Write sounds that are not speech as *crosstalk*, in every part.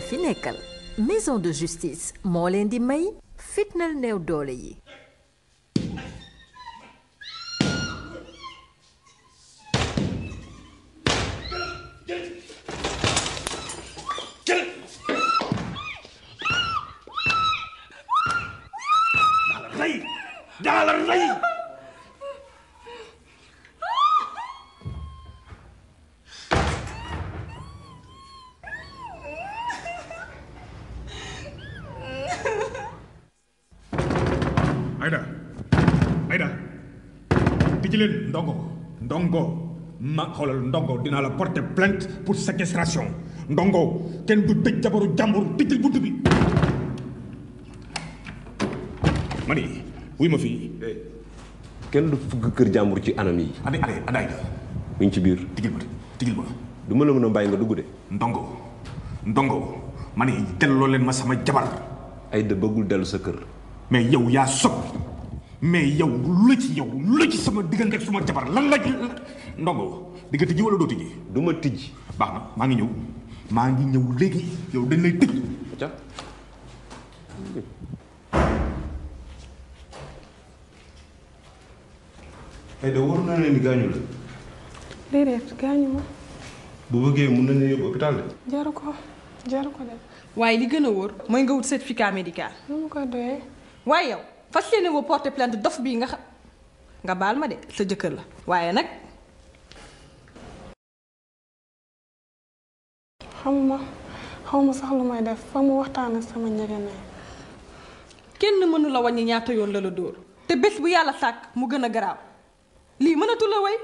na fi nekkal maison de moo leen di may fitnal néew doole yi ndongo ma xoolal ndongo dinaa la porter plainte pour séquestration ndongo kenn du tëj jabaru jàmbur tëjal bunt bi ma ni wuy ma fii eh, kenn du kër jàmbur ci anam yi ada adaay da ci biir tijjil la mën a bàyyi nga dugg de ndongo ndongo ma ni delloo leen ma sama jabar ay da bëggul dellu sa kër mais yow yaa sob mais yow lu la ci yow lu la ci sama diggante ak suma jabar lan la ci ndongo di nga tijji wala doo tijji. du tijji. baax na maa ngi ñëw maa ngi ñëw léegi yow dañ lay tëj. ay da waru na leen ni gaañu la. déedéet gaañu ma. bu bëggee mun na leen yóbbu hôpital de. jaru ko jaru ko de. waaye li gën a wóor. mooy nga wut certificat médical. nu mu ko doyee. waaye yow. fas yéene woo porter plainte dof bii nga xam nga baal ma de sa jëkkër la waaye nag. xamuma xawma sax lu may def fa mu waxtaan sama njëgënee. kenn mënula la wàññi ñaata yoon la la dóor te bés bu yàlla sàkk mu gën a garaaw lii mënatu way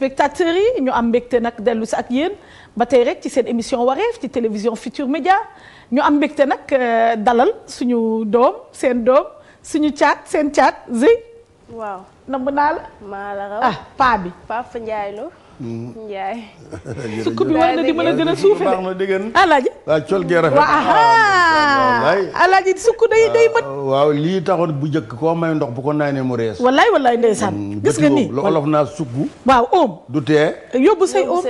téléspectateurs yi ñu am mbégte nag dellu si ak yéen ba tey rek ci seen émission wareef ci télévision Futur Média ñu am mbégte nag euh, dalal suñu doom seen doom suñu caat seen caat Zey. waaw namb naa la. maa la raw ah paa bi. Paa Fa Ndiaye Lo Ndiaye. *laughs* sukk bi war na di mën a gën a suufe na dégg nga. alaaji waaw col gee rafet. Ah, wallaay alaaji sukk day day mët. Ah, waaw lii taxoon bu njëkk koo may ndox bu ko naanee mu rees. wallaay wallaay ndeysaan. Mm, gis nga nii lu olof naa sukk. waaw oom du tee. yóbbu say oom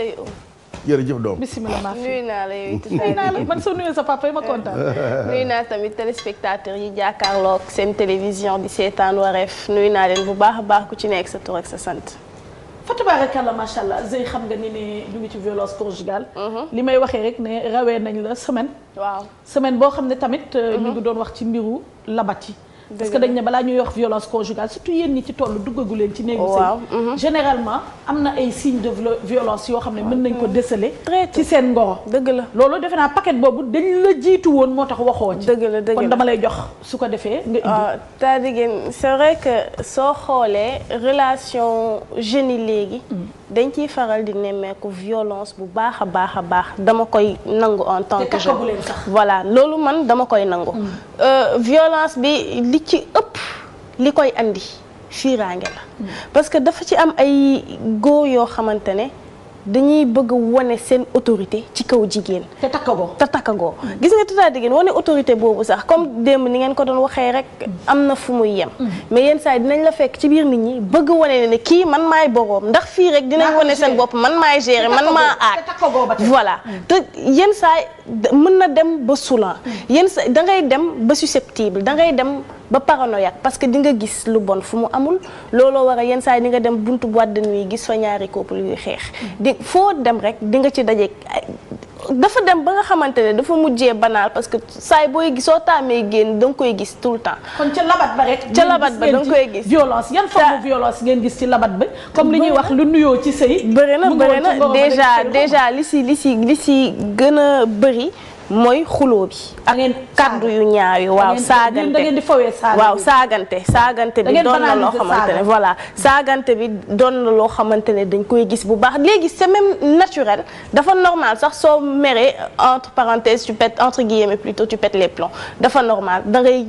jërëjëf doom bisimilah maa fi nuyu naa la yow nuyu naa soo nuyoo sa papa yi *laughs* naa tamit téléspectateur yi jàkkaarloog seen télévision di seetaan Wareef nuyu naa leen bu baax a baax ku ci nekk sa tur sa sant. fa tabaarakalla macha allah Zey xam nga ni ne ñu ngi ci violence conjugale. Mhm. li may waxee rek ne rawee nañ la semaine. waaw semaine boo xam ne tamit. Mhm. ñu ngi doon wax ci mbiru labat yi. parce que dañ ne balaa ñuy wax violence conjugale surtout yéen ñi ci toll duggagu leen ci néegu sëy mhm. généralement am na ay signes de violence yoo xam ne mën nañ ko déceler ci seen ngoro dëgg la loolu defe naa paquet boobu dañ la jiitu woon moo tax waxoo ci dëgg la dëgg la kon dama lay jox su ko defee nga indi c'est-à-dire ah, c'est vrai que soo xoolee relation jeunes yi léegi hmm. dañ ciy faral di nemmeeku violence bu baax a baax a baax dama koy nangu en tant que jeune voilà loolu man dama koy nangu hmm. euh, li ci ëpp li koy indi fiiraange la mm. parce que dafa ci am ay góor yoo xamante ne dañuy bëgg wane seen autorité ci kaw jigéen. te takkagoo te takkagoo mm. gis nga tata jigéen wane autorité boobu sax comme démb ni ngeen ko doon waxee rek mm. am na fu mu yem. mais yenn saa dinañ la fekk ci biir nit ñi bëgg wane ne kii man maay boroom ndax fii rek dinañ wane seen bopp man maay gérer man maa aat voilà te yenn saay yi mën na dem ba soulan yenn saa dem ba susceptible da ngay dem. ba paranoïaque parce que di nga gis lu bon fu mu amul looloo war a yenn saa yi nga dem buntu boîte de nuit gis fa ñaari couple yuy xeex di foo dem rek di nga ci daje dafa dem ba nga xamante ne dafa mujjee banal parce que saay booy gisoo taamee génn danga koy gis tout le temps. kon ca labat ba rek. ca labat ba da nga koy gis violence yan forme violence ngeen gis ci labat ba. comme li ñuy wax lu nuyoo ci sëy. bëri na bëri na déjà déjà li si li si li si gën a bëri. mooy xuloo bi. ak kàddu yu ñaaw yi waaw. saagante da ngeen di saagante saagante saagante bi doon na loo xamante ne voilà saagante bi doon na loo xamante ne dañ koy gis bu baax léegi c'est même naturel dafa normal sax soo meree entre parenthèses tu pètes entre guillemets plutôt tu pètes les dafa normal da ngay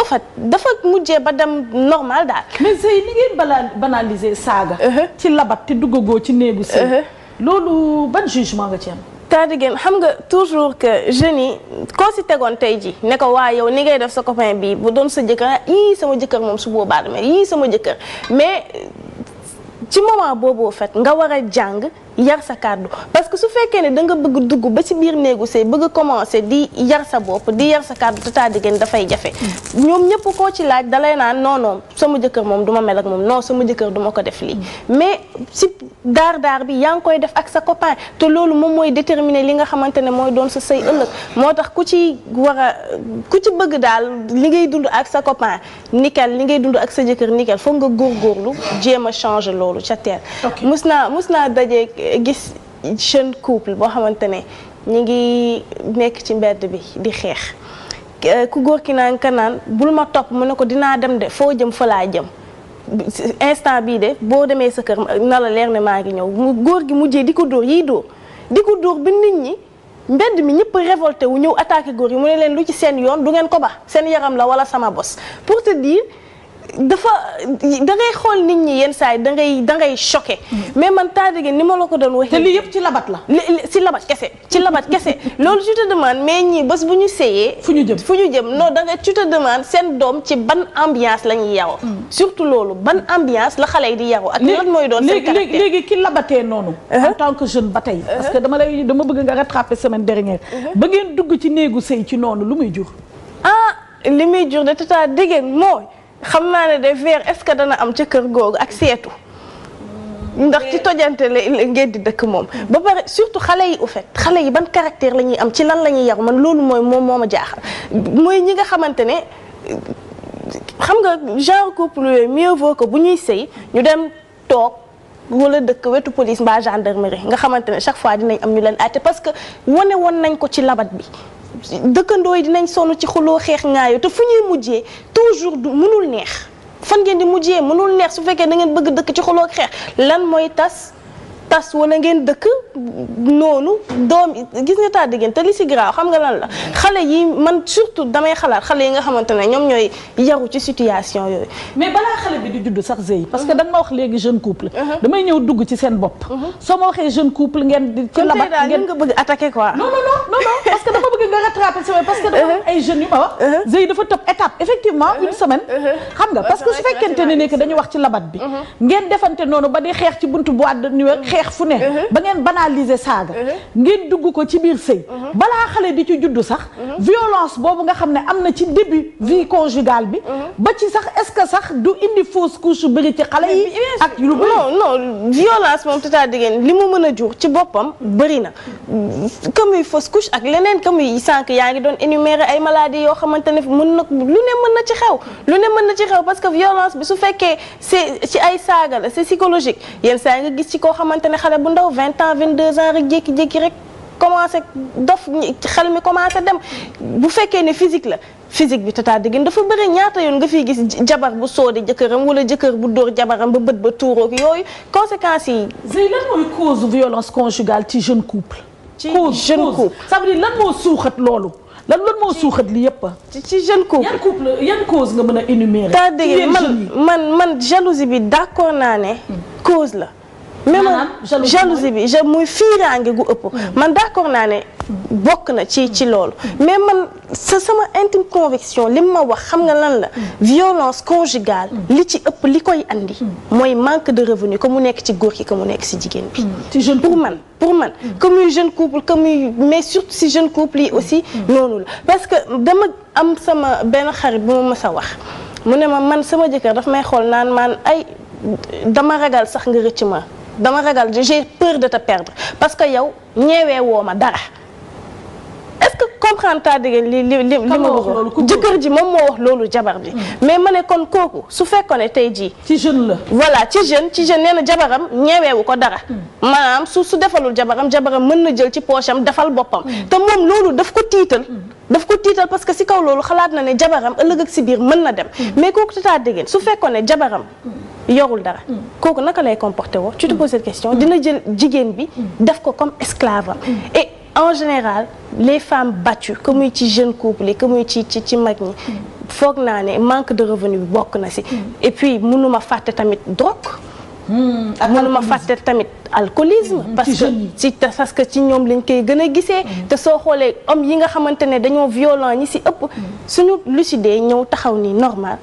en fait dafa mujjee ba dem normal daal. mais sëy ni ngeen bala saaga. Uh-huh. ci labat te duggagoo ci néegu sëy. Uh-huh. loolu ban jugement nga ci am. Cardigan xam nga toujours que jeunes yi koo si tegoon tey ji ne ko waa ni ngay def sa copain bi bu doon sa jëkkër ah, yii sama jëkkër moom su boobaa dama yii sama jëkkër mais ci moment booboo en fait nga war a jàng. yar sa kàddu parce que su fekkee ne danga bëgg dugg ba ci biir néegu sëy bëgg a commencé di yar sa bopp di yar sa kàddu te taa diggéen dafay jafe ñoom ñëpp koo ci laaj dalay naan non non sama jëkkër moom duma ma mel ak moom non sama jëkkër duma ko def lii mais si daar daar bi yaa ngi koy def ak sa copain te loolu moom mooy déterminer li nga xamante ne mooy doon sa sëy ëllëg moo tax ku ci war a ku ci bëgg daal li ngay dund ak sa copain nickel li ngay dund ak sa jëkkër nickel foog nga góorgóorlu jéem a changer loolu ca teel mus naa mus naa daje gis jeune couple boo xamante ne ñu ngi nekk ci mbedd bi di xeex ku góor ki naan ka naan bul ma topp mu ne ko dinaa dem de foo jëm fa laa jëm instant bii de boo demee sa kër na la leer ne maa ngi ñëw mu góor gi mujjee di ko dóor yiy dóor di ko dóor bi nit ñi mbedd mi ñëpp révolté wu ñëw attaqué góor yi mu ne leen lu ci seen yoon du ngeen ko ba seen yaram la wala sama bos pour te dafa da ngay xool nit ñi yenn saa yi da ngay da ngay choqué. Mm. mais man Tadege ni ma la ko doon waxee. te lii yëpp ci labat la. ci labat kese ci labat kese *laughs* loolu tu te demande mais ñii bës bu ñu seeyee. fu ñu jëm fu ñu jëm non da nga tu demande seen doom ci ban ambiance la ñuy yaroo. Mm. surtout loolu ban ambiance la xale yi di yaroo. ak lan mooy doon seen caractère léegi ki labatee noonu. Uh-huh. tant que jeune ba tey. parce uh-huh. que dama lay dama bëgg nga rattraper semaine dernière. Uh-huh. ba ngeen dugg ci néegu sëy ci noonu lu muy jur. ah li muy jur de tata dégg mooy. xam naa ne de ver est-ce que dana am ca kër googu ak seetu. ndax ci tojante la ngeen di dëkk moom. ba pare surtout xale yi u fait xale yi ban caractère la ñuy am ci lan la ñuy yar man loolu mooy moom moo ma jaaxal mooy ñi nga xamante ne. xam nga genre couple yooyu mieux vaut que bu ñuy sëy ñu dem toog wala dëkk wetu police mbaa gendarmerie nga xamante ne chaque fois dinañ am ñu leen àtte parce que wane woon nañ ko ci labat bi dëkkandoo yi dinañ sonn ci xuloo xeex ngaayo te fu ñuy mujjee toujours du mënul neex fan ngeen di mujjee mënul neex su fekkee da ngeen bëgg dëkk ci xuloo xeex lan mooy tas tas wala ngeen dëkk noonu doom gis nga taa diggante li si garaaw xam nga lan la xale yi man surtout damay xalaat xale yi nga xamante ne ñoom ñooy yaru ci situation yooyu mais balaa xale bi di judd sax zëy parce que mhm. da nga ma wax léegi jeune couple mhm. damay ñëw dugg ci seen bopp mhm. soo ma waxee jeune couple ngeen di ci labat ngeen nga bëgg attaqué quoi non non non parce que dama bëgg nga rattrapé sama parce que dama ay jeunes yu dafa topp étape effectivement semaine xam nga parce que su fekkente ne nekk wax ci labat bi ngeen defante noonu ba di xeex ci buntu boîte de nuit xeex fu ne uh-huh. ba ngeen banaliser saaga uh-huh. ngeen dugg ko ci biir sëy uh-huh. balaa xale di ci juddu sax violence boobu nga xam ne am na ci début vie conjugale bi ba ci sax est-ce que sax du indi fausse couche bëri ci xale yi ak lu bëri non non violence moom tata diggéen li mu mën a jur ci boppam bëri na que muy fausse couche ak leneen que muy sànq yaa ngi doon énumérer ay maladies yoo xamante ne mën na lu ne mën na ci xew lu ne mën na ci xew parce que violence bi su fekkee c'est ci ay saaga la xamante ne xale bu ndaw 20 ans 22 ans rek jékki-jékki rek commencé dof xel mi commencé dem bu fekkee ne physique la physique bi te taa diggéen dafa bëri ñaata yoon nga fiy gis jabar bu soode jëkkëram wala jëkkër bu door jabaram ba bët ba tuuroog yooyu conséquence yi. Zey lan mooy cause violence conjugale ci jeune couple. ci jeune couple ça veut lan moo suuxat loolu. lan lan moo suuxat li yëpp ci ci jeune couple yan couple nga mën a énumérer. taa dégg man man man jalousie bi d'accord naa ne hmm. cause la. même jalousie bi je muy fiiraange gu ëpp hmm. man d'accord naa ne bokk na ci ci loolu hmm. mais man sa sama intime conviction li ma wax xam nga lan la hmm. violence conjugale li ci ëpp li koy andi mooy manque de revenu que mu nekk ci góor ki que mu nekk si jigéen bi ci jeune pour man pour man comme yu jeune couple comme yu mais surtout si jeune couple yi aussi noonu la parce que dama am sama benn xarit bu ma sa wax mu ne ma man sama jëkkër daf may xool naan maan ay dama ragal sax nga rëcc dama ragal j'ai peur de te perdre parce que yow ñeewee woo ma dara est-ce que comprendre taa dégg li li li ma bëgg jëkkër ji moom moo wax loolu jabar bi mm. mais ma ne kon kooku su fekkoon ne tey jii ci jeune la voilà ci jeune ci jeune nee na jabaram ñeweewu ko dara maanaam mm. su su defalul jabaram jabaram mën na jël ci poche defal boppam mm. te moom loolu daf ko tiital daf ko tiital parce que si kaw loolu xalaat na ne jabaram ëllëg ak si biir mën na dem mais kooku taa dégg su fekkoon jabaram yorul dara hmm. kooku naka lay comporté woo ci te hmm. poses cette question dina hmm. jël jigéen bi def ko comme esclave et en général les femmes battues que muy ci jeune couple yi que muy ci ci ci mag ñi foog naa ne manque de revenu bi bokk na ci et puis mënuma fàtte tamit drogue mënuma fàtte tamit alcoolisme parce que ci parce que ci ñoom lañ koy gën a gisee te soo xoolee homme yi nga xamante ne dañoo violent ñi si ëpp suñu lucidé ñëw taxaw nii normal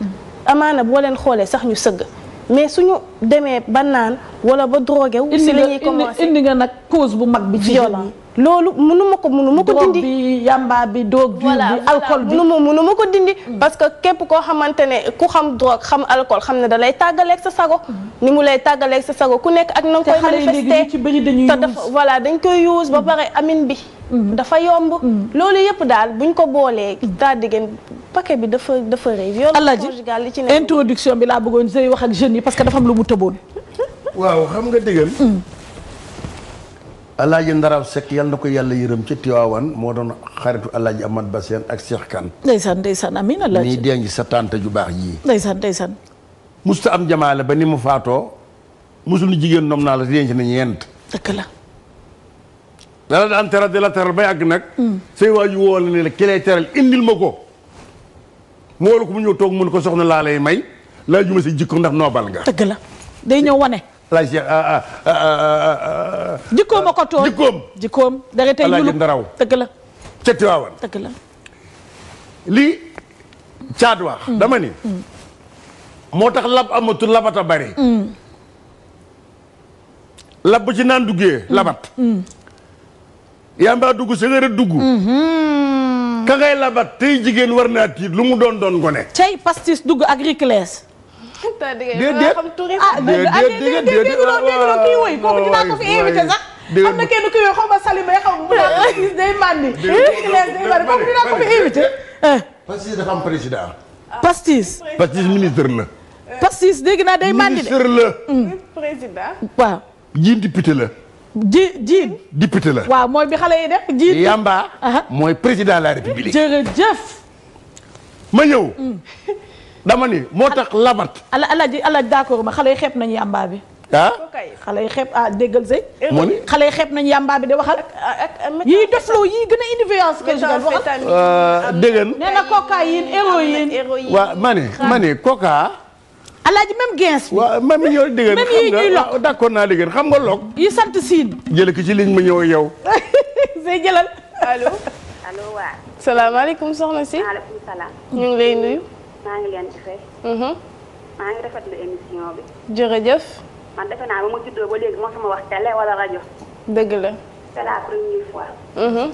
amaana boo leen xoolee sax ñu sëgg mais suñu demee ba naan wala ba drogué wu. si la ñuy indi nga nag cause bu mag bi. ci violence loolu mënu ko mënu ma ko dindi. drogue bi bi doog. voilà bi alcool bi mënu ma mënu ko dindi. parce que képp koo xamante ne ku xam drogue xam alcool xam ne da lay tàggaleek sa sago. Mm. ni mu lay tàggaleeg sa sago ku nekk ak. na nga koy manifester te xale yi voilà dañ koy use ba mm. pare amin bi. Mm-hmm. dafa yomb. Mm-hmm. loolu yëpp daal buñ ko boolee. daa diggéen paquet bi dafa dafa rëy. violence conjugale ci nekk introduction bi laa bëggoon sëy wax ak jeunes yi parce que dafa am lu mu tëboon. *laughs* waaw xam nga digal. Mm-hmm. alaaji ndaraw sekk yal na ko yàlla yërëm ci Tiwaawan moo doon xaritu alaaji Amad Baseen ak Cheikh Kan. ndeysaan ndeysaan amiin alaaji nii denc sa tante ju baax yii. ndeysaan ndeysaan. musta am jamaale ba ni mu faatoo musul jigéen ñoom naa la denc na ñeent. dëgg la. la daan teral di la teral ba yàgg nag mm. say waaju woo la la ki teral indil ma ko mu wóolu ko mu ñëw toog mun ko soxna laala lay may laa juma si jikko ndax noobal nga dëgg la day ñëw wane laaj ah, ah, ah, jikkoom a ko tooñ jikkoom jikkoom dara tey ndaraw dëgg la ca Tiwaawan dëgg lii caat wax mm. dama ni mm. moo tax lab amatul labat a bari lab bu ci naan duggee labat yaa mbaa dugg sa nga dugg. Mm-hmm. ka ngay labat tey jigéen war naa tiit lu mu doon doon gone. tey pastis dugg ak riclees. déedéet ah déedéet ah, déedéet kii woy kooku dinaa ko fi invité sax. am na kenn kii woy xaw ma Salim bay xaw ma mu naan pastis day màndi. riclees day màndi kooku dinaa ko fi invité. Eh. pastis dafa am président. pastis. pastis ministre la. pastis dégg naa day màndi de. ministre la. Mm. président. waaw. jiin député la. ji jiin. député la waaw mooy bi xale yi def jiin. yamba. mooy président la république. jërëjëf. ma ñëw. Mm. dama ni moo tax labat. ala ala ji ala d'accord ma xale yi xeeb nañu yamba bi. ah xale yi xeeb ah déggal sëy. mu ni xale yi xeeb nañu yamba bi de waxal. yii defloo yii gën a indi violence. waxal dégg nga. nee na cocaïne héroïne. waaw ma ne ma alaaji même gens bi waaw même yoo dégg même yi ñuy ah, lokk d'accord naa dégg xam nga lokk yu sant siin jële ki ci ligne ma ñëw yow *laughs* say jëlal allo allo waaw salaamaaleykum soxna si maaleykum ñu ngi lay nuyu maa ngi leen di fay mhm. maa ngi rafetlu émission bi jërëjëf man defe naa ba ma juddoo ba léegi moo sama wax télé wala rajo dëgg la c'est la première fois mhm.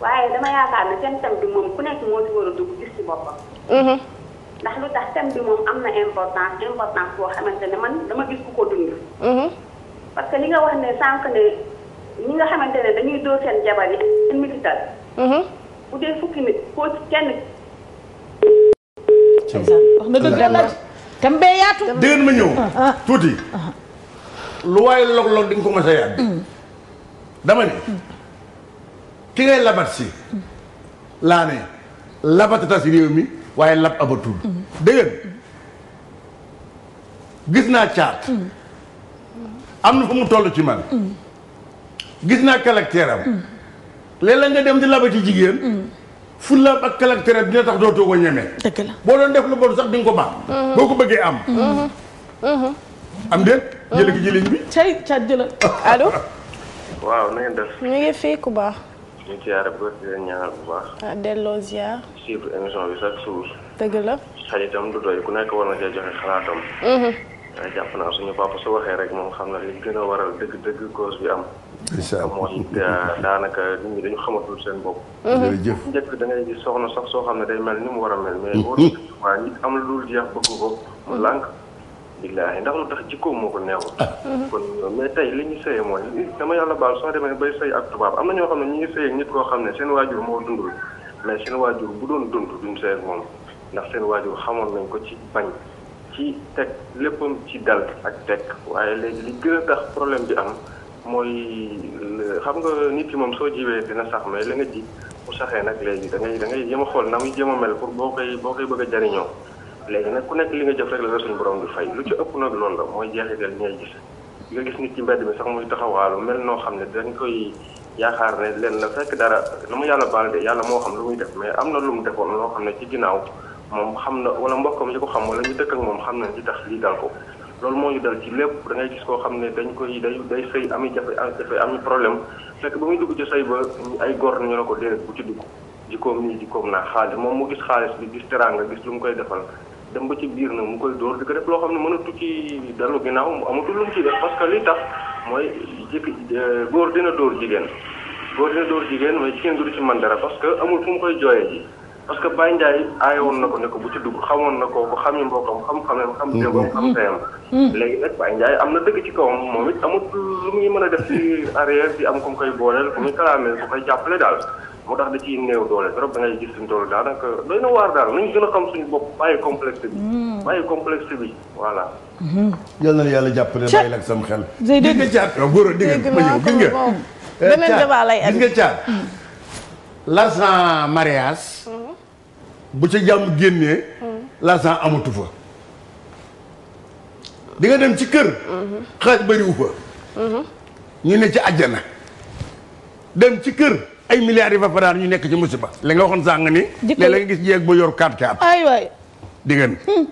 waaye dama yaakaar ne seen thème bi moom ku nekk moo ci war a dugg gis ci boppam mhm. ndax lu tax thème bi moom am na importance importance boo xamante ne man dama gis ku ko dund. Mhm. parce que li nga wax ne sànq ne ñi nga xamante ne dañuy dóor seen jabar yi seen milital. Mhm. bu dee fukki nit koo ci kenn. wax na bee yaatu. dégg ma ñëw ah, ah. tuuti. Ah, lu waaye log-log di ko mos a yàgg. Mm. dama ne. Mm. ki ngay labat si. laa ne labatata si réew mi. waaye lab abatul. dégg gis naa caat. am na fu mu toll ci man. gis naa caractère am. léeg-léeg nga dem di laba ci jigéen. fulla ak caractère dina tax dootoo ko ñeme. dëgg boo doon def lu bon sax di ko baax. Mm-hmm. boo ko bëggee am. Mm-hmm. am déet. Mm-hmm. jëlee ki jëliñ bi. cay caat jëlal allo. *laughs* waaw na ngeen def. ñu ngi fii ku baax. ñu ngi siyaare bu baax di leen bu baax. ah delloo ziar. suivre émission bi chaque jour. dëgg la. xaritam du doy ku nekk war na cee joxe xalaatam. waaye mhm. ah, jàpp naa suñu papa su waxee rek moom xam na li gën a waral dëgg-dëgg cause bi am. incha allah mooy ah, daanaka nit ñi dañu xamatul seen bopp. Mhm. jërëjëf njëkk da ngay gis soxna sax soo xam ne day mel ni mu waral a mel. mais war mhm. waa nit am lu dul jeex bëgg ko mu lànk. billaahi ndax lu tax jikkoom moo ko neexul. Ah. Mm-hmm. kon mais tey li ñu sëyee mooy dama yàlla baal soo ne bay sëy ak tubaab am na ñoo xam ne ñu ngi sëy ak nit koo xam ne seen waajur moo dundul mais seen waajur bu doon dund duñ sëy moom ndax seen waajur xamoon nañ ko ci bañ ci teg léppam ci dal ak teg waaye léegi li gën a tax problème bi am mooy xam nga nit ki moom soo jiwee dina sax mais la nga ji bu saxee nag léegi da ngay da ngay jéem a xool na muy jéem mel pour boo koy boo koy bëgg a jariñoo léegi nag ku nekk li nga jëf rek la la suñu borom di fay lu ci ëpp nag loolu la mooy jeexital ñooy gis nga gis nit ci mbedd mi sax muy taxawaalu mel noo xam ne dañ koy yaakaar ne leen la fekk dara lu mu yàlla baal yàlla moo xam lu muy def mais am na lu mu defoon loo xam ne ci ginnaaw moom xam na wala mbokkam yi ko xam wala ñu dëkk moom xam na li tax lii dal ko loolu moo ñu dal ci lépp dangay gis koo xam ne dañ koy day day sëy ami jafe jafe ami problème fekk ba muy dugg ci say ba ay góor ñu ne ko déedéet bu ci dugg jikkoom nii jikkoom naa xaalis moom mu gis xaalis bi gis teraanga gis lu mu koy defal dem ba ci biir na mu koy dóor di ko def loo xam ne mënatu ci dellu ginnaaw mu amatul lu mu ciy def parce que li tax mooy jëkk euh, góor dina dóor jigéen góor dina dóor jigéen mooy jigéen du ci man dara parce que amul fu mu koy jooyee ji parce que Baye Ndiaye aaye woon na ko ne ko bu ci dugg xamoon na ko ko xam yi mbokkam xam-xamem xam déggam mm-hmm. xam sayam mm-hmm. léegi nag Baye am na dëgg ci kawam moom it amut lu muy mën a def ci arrière bi am ku mu koy booleel ku muy kalaameel ku koy jàppale daal moo tax da ciy néew doole trop da ngay gis suñu tool daanaka doy na waar daal nañ gën a xam suñu bopp bàyyi complexe bi. Hmm. bàyyi complexe bi voilà. Hmm. yal yàlla jàppale bàyyi la ak sam xel. day dégg nga caat yow góor a dégg eh, hmm. mariage. bu ca jàmm génnee. l'argent amatu fa. di nga dem ci kër. xaaj bëriwu fa. ñu ne ci àjjana. dem ci kër. ay milliards yi fa fanaan ñu nekk ci musiba. li nga waxoon sànq ni. léeg la nga gis jéeg bu yor carte carte. ay waay diggante. Hmm.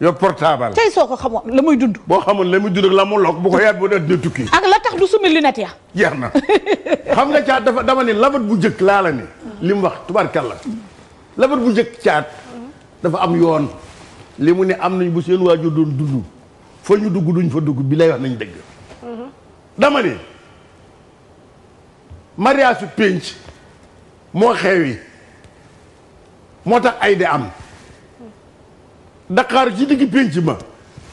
yor portable. tey soo ko xamoon la muy dund. boo xamoon la muy dund ak la mu lokk bu ko yaat boo dee dina tukki. ak la tax du sumi lunette ya. jeex na xam nga caat dafa dama ne labat bu njëkk laala la ne. li mu wax tubaarkàlla. labat bu njëkk caat. dafa am yoon. li mu ne am nañ bu seen waajur doon dund fa ñu dugg duñ fa dugg bi lay wax nañu dëgg. Mm-hmm. dama ne. mariage su pénc moo xewi moo tax ay di am Dakar ci digg pénc ma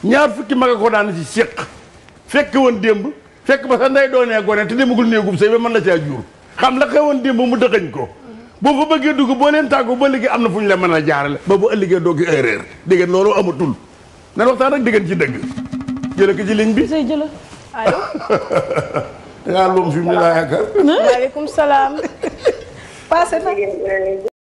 ñaar fukki mag a ko daan ci séq fekk woon démb fekk ba sa ndey doonee gone te demagul néegub sëy ba mën la caa jur xam la xewoon démb mu dëxañ ko boo fa bëggee dugg boo leen tàggu ba léegi am na fu ñu leen mën a jaarale ba bu ëllëgee doogi erreur dégg ngeen loolu amatul nan waxtaan rek dégg ci dëgg jële ko ci ligne bi jële allo *laughs* da ngaa lóom fi mu ne laa yaakaar. maaleykum salaam. paase na.